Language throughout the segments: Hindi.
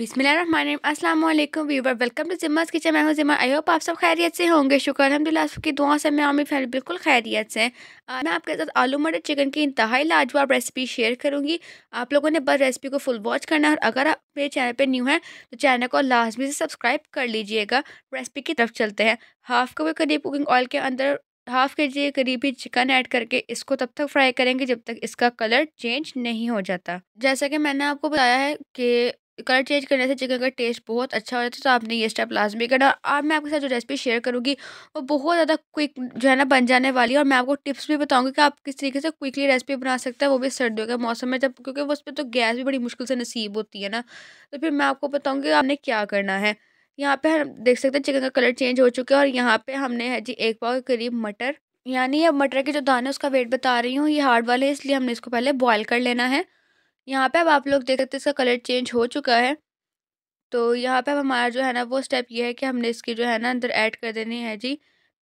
बिसमीम अल्लाम वेलकम टू जिम्मा किचन मैं हूँ जिम्मा आई होप आप सब खैरियत से होंगे शुक्र अलहमदिल्ला की दुआ से मैं आमिर फैमिली बिल्कुल खैरियत से मैं आपके साथ आलू मटर चिकन की इंतहाई लाजवाब रेसिपी शेयर करूँगी आप लोगों ने बस रेसिपी को फुल वॉच करना है और अगर आप मेरे चैनल पर न्यू हैं तो चैनल को लाजमी से सब्सक्राइब कर लीजिएगा रेसिपी की तरफ चलते हैं हाफ कप के करीब कुकिंग ऑयल के अंदर हाफ के जी करीबी चिकन ऐड करके इसको तब तक फ्राई करेंगे जब तक इसका कलर चेंज नहीं हो जाता जैसा कि मैंने आपको बताया है कि कलर चेंज करने से चिकन का टेस्ट बहुत अच्छा हो जाता है तो आपने ये स्टेप लाजमी करना आज मैं आपके साथ जो रेसिपी शेयर करूँगी वो बहुत ज़्यादा क्विक जो है ना बन जाने वाली है और मैं आपको टिप्स भी बताऊँगी कि आप किस तरीके से क्विकली रेसिपी बना सकते हैं वो भी सर्दियों के मौसम में जब क्योंकि उस पर तो गैस भी बड़ी मुश्किल से नसीब होती है ना तो फिर मैं आपको बताऊँगी आपने क्या करना है यहाँ पर हम देख सकते हैं चिकन का कलर चेंज हो चुका है और यहाँ पर हमने है जी एक पाव के करीब मटर यानी अब मटर के जो दाने उसका वेट बता रही हूँ ये हार्ड वाले इसलिए हमने इसको पहले बॉयल कर लेना है यहाँ पे अब आप लोग देख सकते इसका कलर चेंज हो चुका है तो यहाँ पे अब हमारा जो है ना वो स्टेप ये है कि हमने इसकी जो है ना अंदर ऐड कर देनी है जी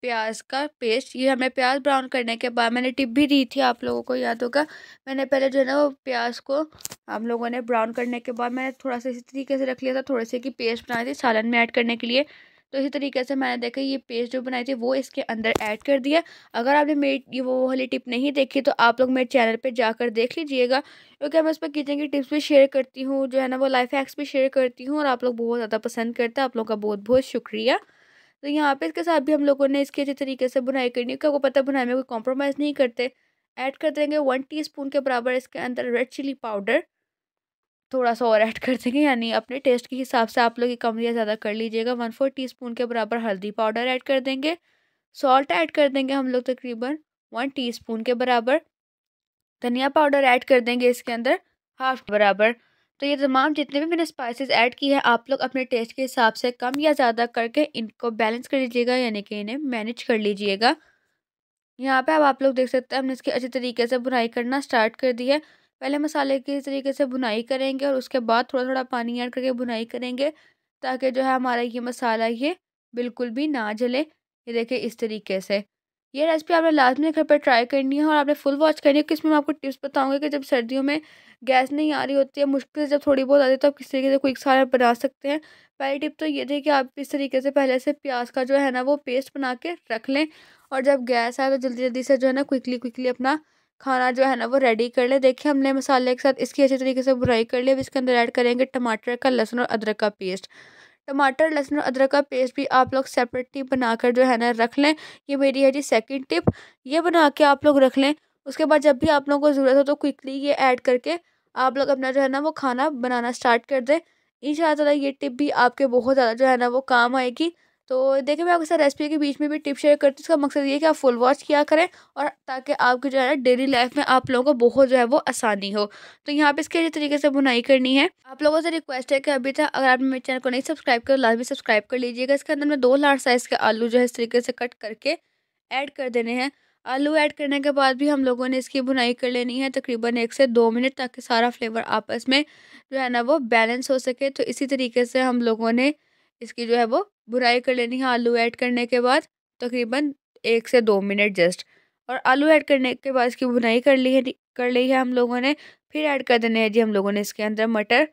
प्याज का पेस्ट ये हमने प्याज ब्राउन करने के बाद मैंने टिप भी दी थी आप लोगों को याद होगा मैंने पहले जो है ना वो प्याज को हम लोगों ने ब्राउन करने के बाद मैंने थोड़ा सा इसी तरीके से रख लिया था थोड़े से कि पेस्ट बनाई थी सालन में ऐड करने के लिए तो इसी तरीके से मैंने देखा ये पेस्ट जो बनाई थी वो इसके अंदर ऐड कर दिया अगर आपने मेरी वो वाली टिप नहीं देखी तो आप लोग मेरे चैनल पर जाकर देख लीजिएगा क्योंकि मैं उस पर किचन की टिप्स भी शेयर करती हूँ जो है ना वो लाइफ हैक्स भी शेयर करती हूँ और आप लोग बहुत ज़्यादा पसंद करते हैं आप लोग का बहुत बहुत शुक्रिया तो यहाँ पे इसके साथ भी हम लोगों ने इसके अच्छे तरीके से बुनाई करनी क्योंकि आपको पता बुनाई में कोई कॉम्प्रोमाइज़ नहीं करते ऐड कर देंगे वन टीस्पून के बराबर इसके अंदर रेड चिली पाउडर थोड़ा सा और ऐड कर देंगे यानी अपने टेस्ट के हिसाब से आप लोग ये कम या ज़्यादा कर लीजिएगा वन फोर टी के बराबर हल्दी पाउडर ऐड कर देंगे सॉल्ट ऐड कर देंगे हम लोग तकरीबन वन टी के बराबर धनिया पाउडर ऐड कर देंगे इसके अंदर हाफ बराबर तो ये तमाम जितने भी मैंने स्पाइसेस ऐड किए हैं आप लोग अपने टेस्ट के हिसाब से कम या ज़्यादा करके इनको बैलेंस कर लीजिएगा यानी कि इन्हें मैनेज कर लीजिएगा यहाँ पे अब आप लोग देख सकते हैं हमने इसकी अच्छे तरीके से बुनाई करना स्टार्ट कर दी है पहले मसाले के तरीके से बुनाई करेंगे और उसके बाद थोड़ा थोड़ा पानी ऐड करके बुनाई करेंगे ताकि जो है हमारा ये मसाला ये बिल्कुल भी ना जले ये देखें इस तरीके से ये रेसिपी आपने लाजमी घर पर ट्राई करनी है और आपने फुल वॉच करनी है कि इसमें मैं आपको टिप्स बताऊंगी कि जब सर्दियों में गैस नहीं आ रही होती है मुश्किल से जब थोड़ी बहुत आती है तो आप किस तरीके से क्विक सारा बना सकते हैं पहली टिप तो ये थी कि आप इस तरीके से पहले से प्याज का जो है ना वो पेस्ट बना के रख लें और जब गैस आए तो जल्दी जल्दी से जो है ना क्विकली क्विकली अपना खाना जो है ना वो रेडी कर ले देखिए हमने मसाले के साथ इसकी अच्छे तरीके से बुराई कर ली अब इसके अंदर ऐड करेंगे टमाटर का लहसुन और अदरक का पेस्ट टमाटर लहसुन और अदरक का पेस्ट भी आप लोग सेपरेटली बनाकर जो है ना रख लें ये मेरी है जी सेकंड टिप ये बना के आप लोग रख लें उसके बाद जब भी आप लोगों को ज़रूरत हो तो क्विकली ये ऐड करके आप लोग अपना जो है ना वो खाना बनाना स्टार्ट कर दें इन ये टिप भी आपके बहुत ज़्यादा जो है ना वो काम आएगी तो देखिए मैं आपके साथ रेसिपी के बीच में भी टिप शेयर करती हूँ इसका मकसद ये कि आप फुल वॉच किया करें और ताकि आपकी जो है ना डेली लाइफ में आप लोगों को बहुत जो है वो आसानी हो तो यहाँ पे इसके लिए तरीके से बुनाई करनी है आप लोगों से रिक्वेस्ट है कि अभी तक अगर आपने मेरे चैनल को नहीं सब्सक्राइब कर तो लाजमी सब्सक्राइब कर लीजिएगा इसके अंदर मैं दो लार्ज साइज़ के आलू जो है इस तरीके से कट करके ऐड कर देने हैं आलू ऐड करने के बाद भी हम लोगों ने इसकी बुनाई कर लेनी है तकरीबन एक से दो मिनट ताकि सारा फ्लेवर आपस में जो है ना वो बैलेंस हो सके तो इसी तरीके से हम लोगों ने इसकी जो है वो बुराई कर लेनी है आलू ऐड करने के बाद तकरीबन एक से दो मिनट जस्ट और आलू ऐड करने के बाद इसकी बुनाई कर ली है कर ली है हम लोगों ने फिर ऐड कर देने हैं जी हम लोगों ने इसके अंदर मटर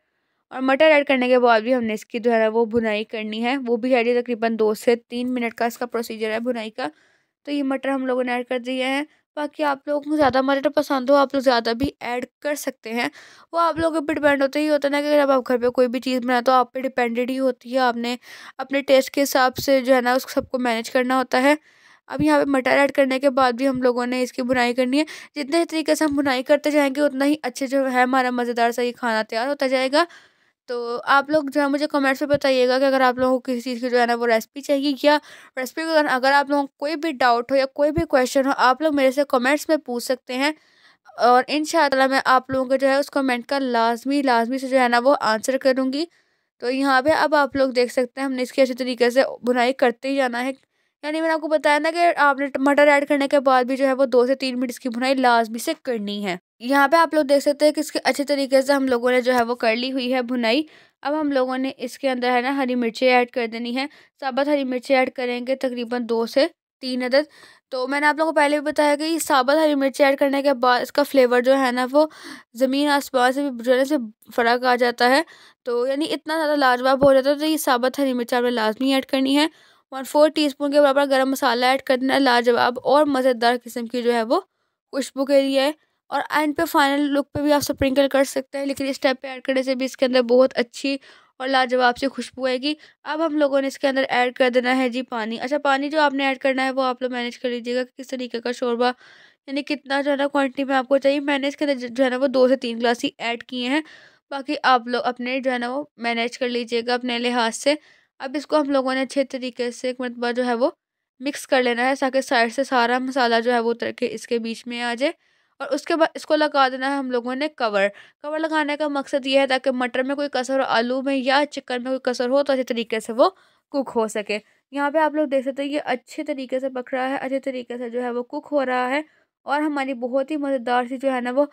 और मटर ऐड करने के बाद भी हमने इसकी जो है ना वो बुनाई करनी है वो भी है जी तकरीबन दो से तीन मिनट का इसका प्रोसीजर है बुनाई का तो ये मटर हम लोगों ने ऐड कर दिया है बाकी आप लोगों को ज़्यादा मटर पसंद हो आप लोग ज़्यादा भी ऐड कर सकते हैं वो आप लोगों पर डिपेंड होता ही होता है ना कि अगर आप घर पे कोई भी चीज़ बनाए तो आप पे डिपेंडेड ही होती है आपने अपने टेस्ट के हिसाब से जो है ना उस सबको मैनेज करना होता है अब यहाँ पे मटर ऐड करने के बाद भी हम लोगों ने इसकी बुनाई करनी है जितने तरीके से हम बुनाई करते जाएंगे उतना ही अच्छे जो है हमारा मज़ेदार सा ये खाना तैयार होता जाएगा तो आप लोग जो है मुझे कमेंट्स में बताइएगा कि अगर आप लोगों को किसी चीज़ की जो है ना वो रेसिपी चाहिए या रेसिपी के दौरान अगर आप लोगों को कोई भी डाउट हो या कोई भी क्वेश्चन हो आप लोग मेरे से कमेंट्स में पूछ सकते हैं और इन मैं आप लोगों का जो है उस कमेंट का लाजमी लाजमी से जो है ना वो आंसर करूँगी तो यहाँ पर अब आप लोग देख सकते हैं हमने इसकी अच्छी तरीके से बुनाई करते ही जाना है यानी मैंने आपको बताया ना कि आपने टमाटर ऐड करने के बाद भी जो है वो दो से तीन मिनट इसकी बुनाई लाजमी से करनी है यहाँ पे आप लोग देख सकते हैं कि इसके अच्छे तरीके से हम लोगों ने जो है वो कर ली हुई है भुनाई अब हम लोगों ने इसके अंदर है ना हरी मिर्ची ऐड कर देनी है साबत हरी मिर्ची ऐड करेंगे तकरीबन दो से तीन अदद तो मैंने आप लोगों को पहले भी बताया कि साबत हरी मिर्ची ऐड करने के बाद इसका फ्लेवर जो है ना वो ज़मीन आसमान से भी जो से फ़र्क आ जाता है तो यानी इतना ज़्यादा लाजवाब हो जाता है तो ये साबत हरी मिर्च आपने लाजमी ऐड करनी है वन फोर टी स्पून के बराबर गर्म मसाला ऐड कर देना लाजवाब और मज़ेदार किस्म की जो है वो खुशबू के लिए और एंड पे फाइनल लुक पे भी आप स्प्रिंकल कर सकते हैं लेकिन इस टाइप पे ऐड करने से भी इसके अंदर बहुत अच्छी और लाजवाब से खुशबू आएगी अब हम लोगों ने इसके अंदर ऐड कर देना है जी पानी अच्छा पानी जो आपने ऐड करना है वो आप लोग मैनेज कर लीजिएगा कि किस तरीके का शोरबा यानी कितना जो है ना क्वान्टिटी में आपको चाहिए मैंने इसके अंदर जो है ना वो दो से तीन ग्लास ही ऐड किए हैं बाकी आप लोग अपने जो है ना वो मैनेज कर लीजिएगा अपने लिहाज से अब इसको हम लोगों ने अच्छे तरीके से एक मरतबा जो है वो मिक्स कर लेना है ताकि साइड से सारा मसाला जो है वो उतर के इसके बीच में आ जाए और उसके बाद इसको लगा देना है हम लोगों ने कवर कवर लगाने का मकसद ये है ताकि मटर में कोई कसर आलू में या चिकन में कोई कसर हो तो अच्छे तरीके से वो कुक हो सके यहाँ पे आप लोग देख सकते हैं ये अच्छे तरीके से पक रहा है अच्छे तरीके से जो है वो कुक हो रहा है और हमारी बहुत ही मज़ेदार सी जो है ना वो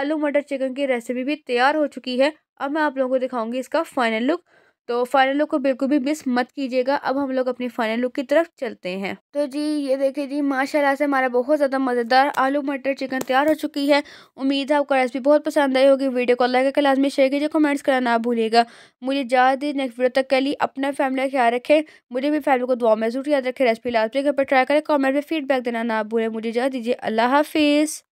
आलू मटर चिकन की रेसिपी भी तैयार हो चुकी है अब मैं आप लोगों को दिखाऊंगी इसका फाइनल लुक तो फाइनल लुक को बिल्कुल भी मिस मत कीजिएगा अब हम लोग अपनी फाइनल लुक की तरफ चलते हैं तो जी ये देखिए जी माशाल्लाह से हमारा बहुत ज़्यादा मज़ेदार आलू मटर चिकन तैयार हो चुकी है उम्मीद है आपको रेसिपी बहुत पसंद आई होगी वीडियो को लाइक करके में शेयर कीजिए कमेंट्स करना ना भूलिएगा मुझे ज़्यादा देर नेक्स्ट वीडियो तक के लिए अपना फैमिली ख्याल रखें मुझे भी फैमिली को दुआ में जरूर याद रखें रेसिपी लास्ट घर पर ट्राई करें कॉमेंट में फीडबैक देना ना भूलें मुझे ज़्यादा दीजिए अल्लाह हाफिज़